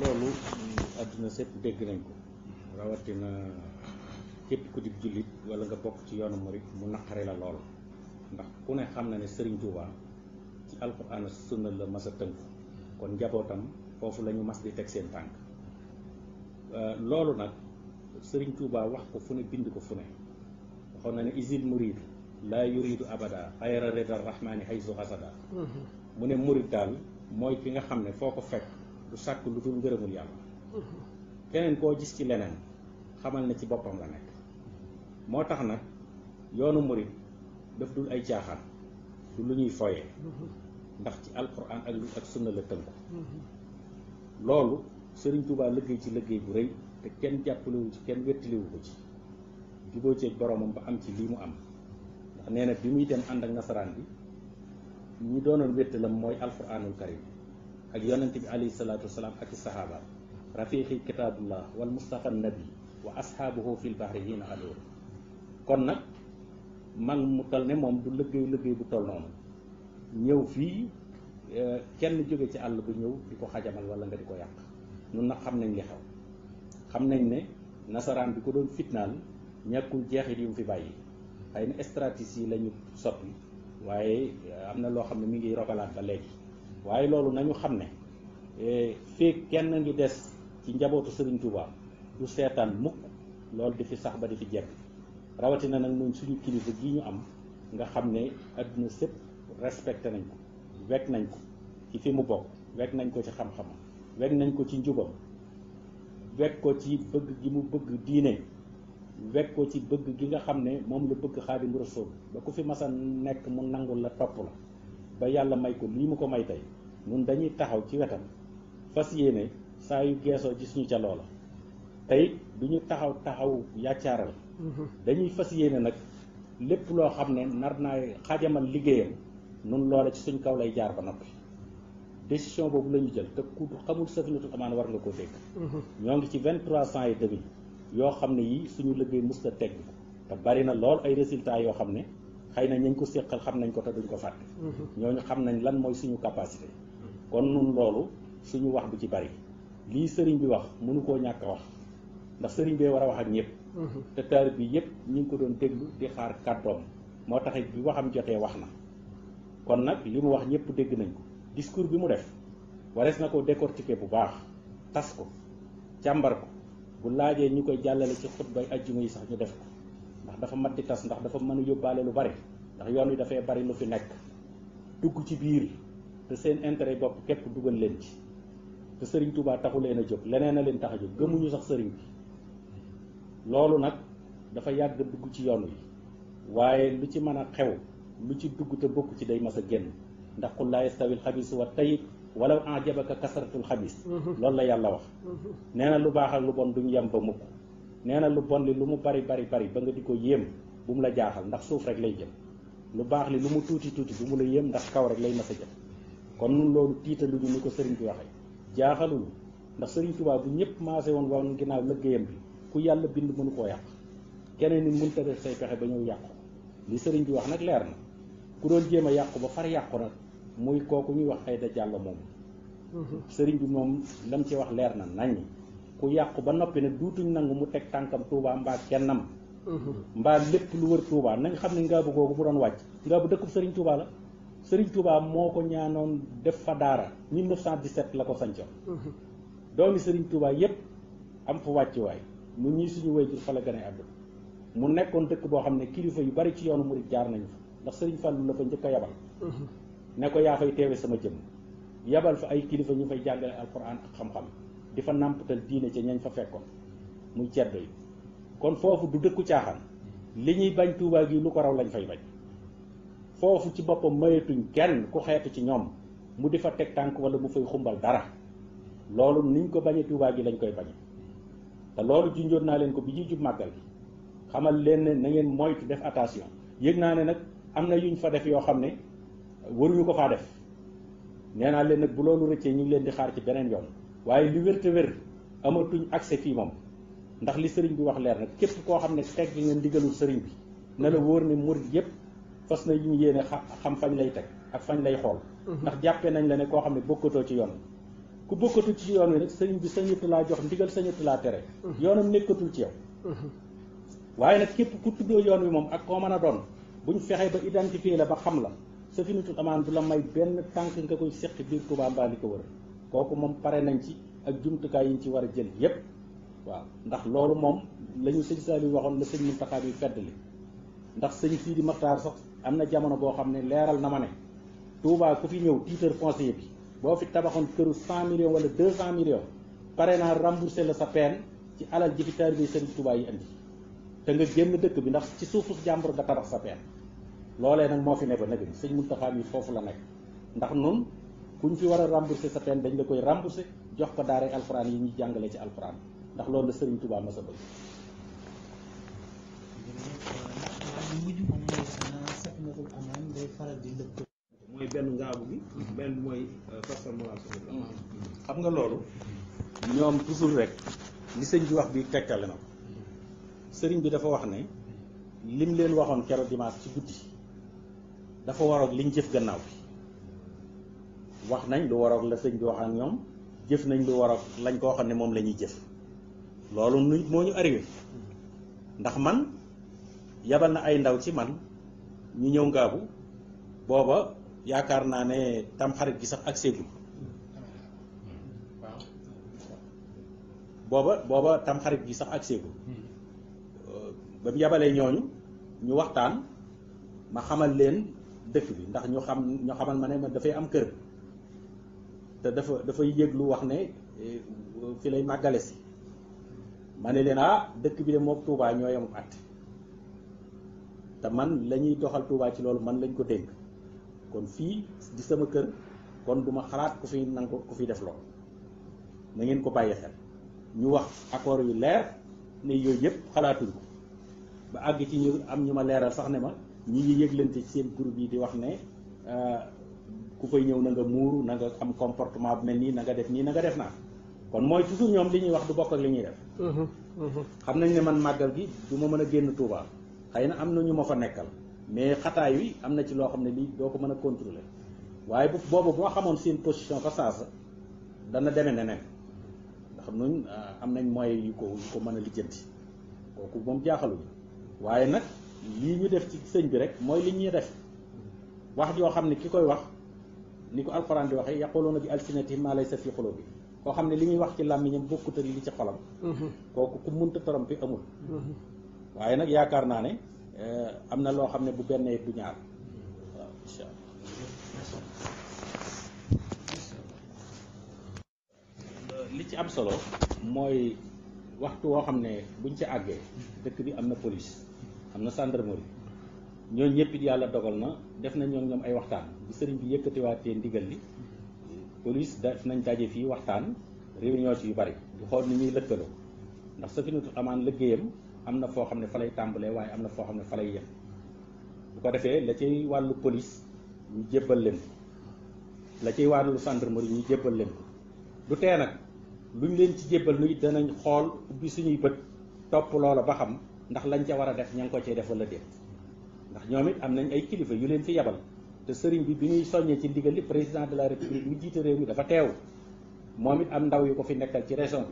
loolu àdduna sépp dégg nañ ko rawatina képp ku di jullit wala nga bokk ci yoonu murit mu naqari la lool ndax ku ne xam na ne Serigne Touba ci alxuraan sunna la mas a kon njabootam foofu lañu ñu mas di teg seen tànk euh, loolu nag sëriñ Touba wax ko fu ne bind ko fu ne waxoon na ne isil murid laa yuridu abada xayra rida rahmaani haysu xasada mhm. mu ne murid daal mooy ki nga xam ne foo ko fekk du sàkk lu dul ngërëmul yàlla keneen koo gis ci leneen xamal ne ci boppam la nekk moo tax nag yoonu murit daf dul ay caaxaan du lu ñuy ndax ci alquran ak lu ak sunna la tënku loolu sëriñ Tuubaa liggéey ci liggéey bu rëy te kenn jàppalewu ci kenn wettaliwu ko ci juboo ceeg boroomam ba am ci lii mu am ndax nee na bi muy dem ànd ak nasaraan bi ñu doonoon wettalam mooy alquranul karim ak yonente bi alayhi salatu wasalaam ak sahaba rafiqi kitabullah wal mustafa nabi wa ashabuhu fil bahri hina adoor kon nag mag mu tol ne moom du liggéey liggéey bu tol noonu ñëw fii eh, kenn jóge ci àll bu ñëw di xajamal wala nga di ko yàq nun xam nañ li xew xam nañ ne nasaraan bi ko doon fitnaal ñàkkul jeexit yu mu fi bàyyi xëy na stratégie la soppi waaye eh, mi ngi ba waaye loolu nañu xam ne eh, fii kenn ngi des ci njabootu Serigne Touba du seetaan mukk loolu di fi sax ba di fi jekk rawatina nag ñun suñu kilifa gi ñu am nga xam ne adduna sëpp respecté nañ ko wekk nañ ko ci fi mu bokk wekk nañ ko ci xam-xamam wekk nañ ko ci njubam wekk ko ci bëgg gi mu bëgg diine wekk ko ci bëgg gi nga xam ne moom la bëgg Xaadimu Rasuul ba ku fi masa nekk mu nangu la topp la ba yàlla may ko lii mu ko may tey nun dañuy taxaw ci wetam fas yéene saa yu geesoo gis ñu ca loola tey du ñu taxaw taxaw yàccaaral mhm. dañuy fas yéene nag lépp loo xam ne nar naa xajamal liggéeyam nun loola ci suñ kaw lay jaar ba noppi décision boobu la ñu jël te ku xamul safinatul amaan war nga koo dégg mhm. ñoo ngi ci vingt-trois cent et demi yoo xam ne yii suñu liggéey mës teg tegg te bari na lool ay résultats yoo xam ne xëy na ñu ko séqal xam nañ ko te duñ ko fàtte mm-hmm. ñooñu xam nañ lan mooy suñu capacité kon nun loolu suñu wax du ci bari lii sëriñ bi wax mënu koo ñàkk a wax ndax sëriñ bee war a wax ak ñëpp mm-hmm. te taalibe bi yëpp ñu ngi ko doon déglu di xaar kàddoom moo taxit bi waxam jotee wax na kon nag li mu wax ñëpp dégg nañ ko diskuur bi mu def warees na ko décortiquer bu baax tas ko càmbar ko bu laajee ñu koy jàllale ci xutbay ajjuma yi sax ñu def ko ndax dafa mat di tas ndax dafa mën a yóbbaale lu bari ndax yoon wi dafay bari lu fi nekk dugg ci biir te seen intérêt bopp képp dugal leen ci te sëriñ Touba taxu leen a jóg leneen a leen tax a jóg gëmuñu sax sëriñ bi loolu nag dafa yàgg dugg ci yoon wi waaye lu ci mën a xew lu ci dugg te bokk ci day mas a génn ndax qul laa yastawil xabis wa tayib walaw ajabaka kasratul xabis mm-hmm. loolu la yàlla wax mm-hmm. nee na lu baax lu bon duñ yem ba mukk nee na lu bon li lu mu bari bari bari ba nga di ko yéem bu mu la jaaxal ndax suuf rek lay jëm lu baax li lu mu tuuti tuuti bu mu la yéem ndax kaw rek lay mas a jëm kon nun loolu tiitaluñu ni ko sëriñ bi waxee jaaxalul ndax sëriñ Tuubaa bu ñëpp maase woon waaw nu ginnaaw lëggéeyam bi ku yàlla bind mënu koo yàq keneen ni mënta def say pexe ba ñëw yàqu li sëriñ bi wax nag leer na ku doon jéem a yàqu ba far yàqu nag muy kooku ñuy wax ay da jàll sëriñ bi moom lam ci wax leer na nañ ku yàqu ba noppi ne duutuñ nangu mu teg tànkam Touba mbaa kennam mhm. mbaa lépp lu wër tuubaa na xam ne ngaabu googu mu doon wàcc ngaabu dëkkub Serigne Touba la Serigne Touba moo ko ñaanoon def fa daara 1917 la ko sancoon mhm. doomi Serigne Touba yépp am fa wàccuwaay mu ñii suñu wayjur fa la gën a àdduna mu nekkoon dëkk boo xam ne kilifa yu bari ci yoonu murid jaar nañu fa ndax Serigne Fallou la fa njëkk a yabal mhm. ne ko yaa fay teewe sama jëm yabal fa ay kilifa ñu fay jàngale alquran ak xam-xam di fa nàmpatal diine ca ñañ fa fekkoon muy ceddo yi kon foofu du dëkku caaxaan li ñuy bañ Tuubaa gi lu ko raw lañ fay bañ foofu ci boppam mayetuñ kenn ku xeetu ci ñoom mu di fa teg tànk wala mu fay xumbal dara loolu niñ ko bañee Tuubaa gi lañ koy bañe te loolu junjoon naa leen ko bi ñuy jub màggal gi xamal leen ne na ngeen moytu def attention yëg naa ne nag am na yuñ fa def yoo xam ne waruñu ko faa def nee naa leen nag bu loolu rëccee ñu ngi leen di xaar ci beneen yoon waaye li wér te wér amatuñ accès fii moom ndax li sëriñ bi wax leer na képp koo xam ne teg gi nga ndigalul sëriñ bi na la wóor ne murid yëpp fas na ñu yéene xam fañ lay teg ak fañ lay xool mhm. ndax jàppee nañ la ne koo xam ne bokkatoo ci yoon ku bokkatu ci yoon wi nag sëriñ bi sañatu laa jox ndigal sañatu laa tere mhm. yoonam nekkatul ci yow mhm. waaye nag képp ku tuddoo yoon wi moom ak koo mën a doon buñ fexee ba identifier la ba xam la sa fi nitul amaan du la may benn tànk nga koy seq biir Tuubaa ko wër kooku moom pare nañ ci ak jumtukaay yi ñu ci war a jël yépp waaw ndax loolu moom la ñu sëñ Saliou waxoon la sëñ Mountakha bi fedd li ndax sëñ sii di Maxtaar sax am na jamono boo xam ne leeral na ma ne Touba ku fi ñëw titre foncier bi boo fi tabaxoon këru 100 millions wala 200 millions pare naa remboursé la sa peine ci alal ji fi taalibe sëriñ Touba yi indi te nga génn dëkk bi ndax ci suufu jàmbur nga tabax sa peine loolee nag moo fi ne ba nag sëñ Mountakha bi foofu la nekk ndax nun ñu fi war a rembourser sa peine dañ la koy rembourser jox ko daaray alxuraan yi ñuy jàngale ci alxuraan ndax loolu la Serigne Touba ma sa bëgg. mooy benn ngaabu bi. benn mooy euh, xam nga loolu. ñoom toujours rek li sëñ bi wax bi tekkale na ko sëriñ bi dafa wax ne lim leen waxoon kero dimaas ci guddi dafa waroon liñ jëf gannaaw bi. wax nañ lu waroog la sëñ bi wax ak ñoom jëf nañ lu waroog lañ koo xam ne moom lañuy ñuy jëf loolu nu moo ñu arrivé ndax man yabal na ay ndaw ci man ñu ñëw ngaabu booba yaakaar naa ne tam xarit gi sax ak séegul waaw booba booba tam xarit gi sax ak séegul euh, ba mu yabalee ñooñu ñu waxtaan ma xamal leen dëkk bi ndax ñu xam ñu xamal ma ne dafay am kër te dafa dafay lu wax ne eh, fi lay màggale si ma ne leen ah dëkk bi de moo Touba ñoo yem at te man lañuy ñuy doxal Touba ci loolu man lañ ko dénk kon fii di sama kër kon duma xalaat ku fi nangu ku fi def lool na ngeen ko bàyyi xel ñu wax accord yu leer ne yooyu yëpp xalaatuñu ko ba àgg ci ñu am ñu ma leeral sax ne ma ñu ngi yëglante ci seen groupe yi di wax ne euh, ku koy ñëw na nga muuru na nga am comportement bu mel nii na def nii na def naa kon mooy toujours ñoom li ñuy wax du bokk ak li ñuy def mm-hmm, mm-hmm. xam nañ ne man màggal gi du ma mën a génn Touba xëy na am na ñu ma fa nekkal mais xataay wi am na ci loo xam ne lii doo ko mën a contrôler waaye bu boobu boo xamoon seen position fa saasa dana demee neneen ndax ñun ah, am nañ moyen yu ko yu ko mën a lijjanti kooku moom jaaxaluñu waaye nag lii ñu def ci sëñ bi rek mooy li ñuy def wax joo xam ne ki koy wax ni ko alquran di waxee yaquluuna bi alsinatihim ma laysa fi xulubi koo xam ne li muy wax ci làmmiñam bokkut ak li ci xolam mm-hmm. kooku ku munta torom bi amul mm-hmm. waaye nag yaakaar naa ne eh, am na loo xam ne bu benn du ñaar waaw incha allah li ci am solo mooy waxtu woo xam buñ ci àggee dëkk bi am police am gendarmerie ñooñu ñëpp it yàlla dogal na def nañ ñoom ñoom ay waxtaan bi sëriñ bi yëkkatiwaatee ndigal li police def nañ daje fii waxtaan réunion ci yu bari di xool ni ñuy lëkkaloo ndax Safinatul Amaan liggéeyam am na foo xam ne fa lay tàmbalee waaye am na foo xam ne fa lay yem bu ko defee la cay wàllu police ñu jébbal leen la cay wàllu gendarmerie ñu jébbal leen du tee nag luñ leen ci jébbal nu it danañ xool ubbi suñuy bët topp loola ba xam ndax lañ ca war a def ña ko cay def wala déet ndax ñoom it am nañ ay kilifa yu leen fi yabal te sëriñ bi bi ñuy soññee ci ndigal li président de la république mu jiite réew mi dafa teew moom it am ndaw yu ko fi nekkal ci région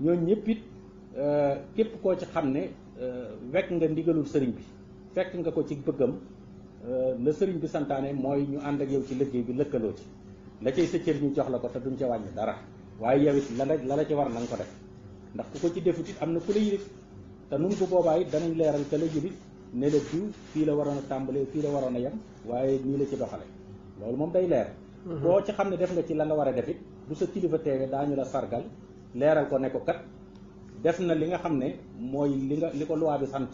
bi ñooñu ñëpp it euh, képp koo ci xam ne euh, wekk nga ndigalul sëriñ bi fekk nga ko ci bëggam euh, la sëriñ bi santaane mooy ñu ànd ak yow ci liggéey bi lëkkaloo ci la cay sa cër jox la ko te duñ ca wàññi dara waaye yow it la la la ci war na ko def ndax ku ko ci defut it am na ku la te nun ko boobaa it danañ leeral ka la ne la fii la waroon a tàmbalee fii la waroon a yem waaye nii la ci doxale loolu moom day leer boo mhm. ci xam ne def nga ci la nga war a def it bu sa kilifa teewee daañu la sargal leeral ko ne ko kat def na li nga xam ne mooy li nga li ko loi bi sant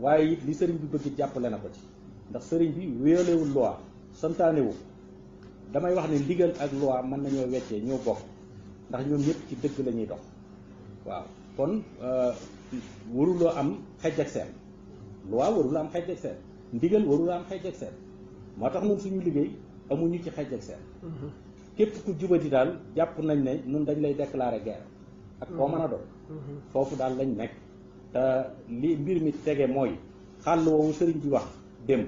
waaye it li sëriñ bi bëgg jàppale na ko ci ndax sëriñ bi wéelewul loi santaanewu damay wax ne ndigal ak loi mën nañoo weccee ñoo bokk ndax ñoom ñëpp ci dëgg lañuy ñuy dox waaw kon euh, waruloo am xej loi warul am xeej ak seen ndigal warul am xeej moo tax ñun suñu liggéey amuñu ci xeej ak seen mm-hmm. képp ku di daal jàpp nañ ne ñun dañ lay déclarer guerre ak koo mën a doon mm-hmm. Mm-hmm. foofu daal lañ nekk te li mbir mi tege mooy xàll woowu sëriñ bi wax démb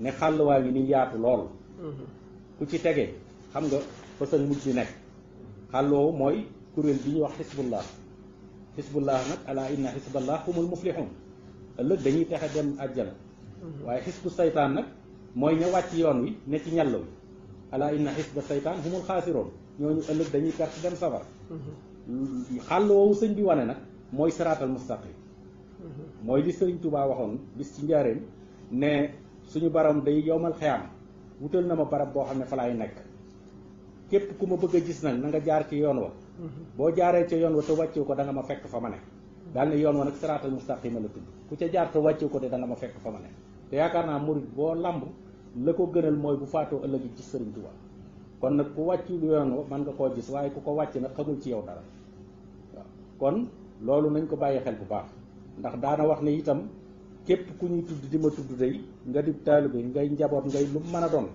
ne xàll waa ngi ni yaatu lool ku ci tege xam nga fa sa mujj nekk xàll woowu mooy kuréel bi ñu wax xisbullah xisbullah nag ala inna xisballah humul muflihun ëllëg dañuy texe dem àjjana mhm. waaye xisbu seytaan nag mooy ña wàcc yoon wi ne ci ñàllaw ala inna xisba saytaan humul xaasiroon ñooñu ëllëg dañuy perte dem safara mhm. xàll woowu sëñ bi wane nag mooy seraatal mustaqim mhm. mooy li sëriñ Touba waxoon bis ci njaareem ne baram day yowmal xeyam wutal na ma barab boo xam ne fa laay nekk képp ku ma bëgg a gis nag na nga jaar ci yoon wa jaaree ca yoon wa te wàccewu ko da nga ma fekk fa ma ne daal ne yoon wa nag siraatal la tudd ku ca jaar te ko de danga ma fekk fa ma ne te yaakaar naa murit boo làmb la ko gënal mooy bu faatoo ëllëg ci sëriñ Tuubaa kon nag ku wàcc yoon wa mën nga koo gis waaye ku ko wàcc nag xamul ci yow dara waaw kon loolu nañ ko bàyyi xel bu baax ndax daana wax ne itam képp ku ñuy tudd di ma tudd day nga di taalibe ngay njaboot ngay lu mën a doon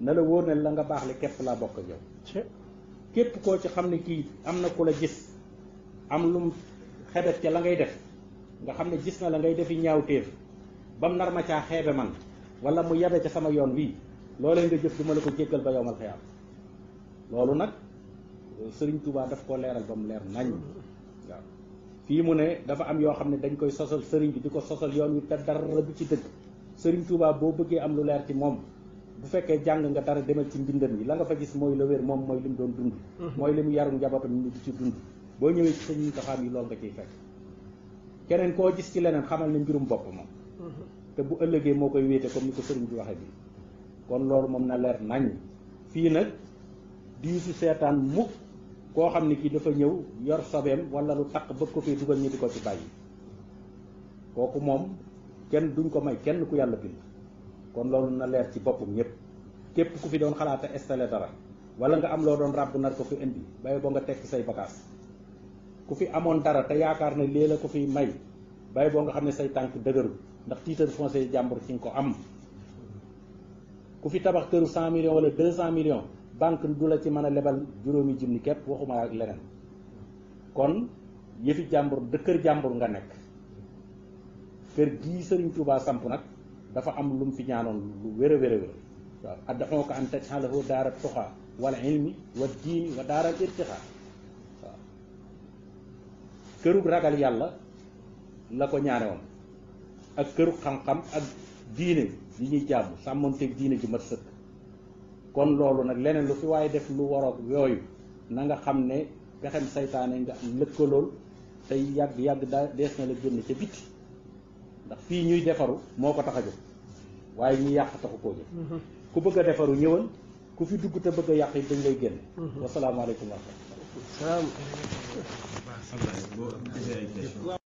na la wóor ne la nga baax le képp laa bokk ak yow képp koo ci xam ne kii am na ku la gis am lum xebet la ngay def nga xam ne gis na la ngay defi ñaaw téef ba mu nar ma caa xeebe man wala mu yabe ca sama yoon wii loolee nga jëf du ma la ko jéggal ba yowmal xiyaam loolu nag sëriñ Touba daf koo leeral ba mu leer nañ waaw fii mu ne dafa am yoo xam ne dañ koy sosal sëriñ bi di ko sosal yoon wi te dara bu ci dëgg sëriñ Touba boo bëggee am lu leer ci moom bu fekkee jàng nga dara demal ci mbindam yi la nga fa gis mooy la moom mooy li mu doon dund mhm. mooy li mu yarum njabootam ñu di boo ñëwee ci sëñ Muntaxa yi loolu nga keneen koo gis ci leneen xamal ne mbirum bopp moom mm-hmm. te bu ëllëgee moo koy wéete comme ni ko sëriñ bi waxee bi kon loolu moom na leer nañ fii nag di diisu seetaan mukk koo xam ne kii dafa ñëw yor sobeem wala lu taq bëgg ko fi dugal ñi ko ci bàyyi kooku moom kenn duñ ko may kenn ku yàlla bind kon loolu na leer ci boppam ñëpp képp ku fi doon xalaata installé dara wala nga am loo doon ràbb nag ko fi indi bàyyi boo nga tekki say bagaas ku fi amoon dara te yaakaar na lii la ko fi may bay boo nga xam ne say tànk dëgëru ndax titre foncier jàmbur fi nga ko am ku fi tabax këru cent million wala deux cent millions banque du la ci mën a lebal juróomi junni képp waxuma ak leneen kon yëfi jàmbur de kër jàmbur nga nekk kër gii Sëriñ Tuubaa samp nag dafa am lu mu fi ñaanoon lu wér a wér a wér waaw addaxoo ko an tajxalahu daara tuxaa wala ilmi wa diini wa daaral irtixaa këru ragal yàlla la ko ñaane woon ak kërug xam-xam ak diine yi ñuy jàmm sàmmonteeg diine ju mat sëkk kon loolu nag leneen lu fi waaye def lu waroog yooyu na nga xam ne pexem saytaane nga lëkkalool tey yàgg yàgg daa dees na la génn ca biti ndax fii ñuy defaru moo ko tax a jóg waaye ñuy yàq taxu koo jóg mhm. ku bëgg defaru ñëwal ku fi dugg te bëgg yàq yi dañ lay génn mhm. wasalaamaaleykum wa rahmatulah Okay. Well,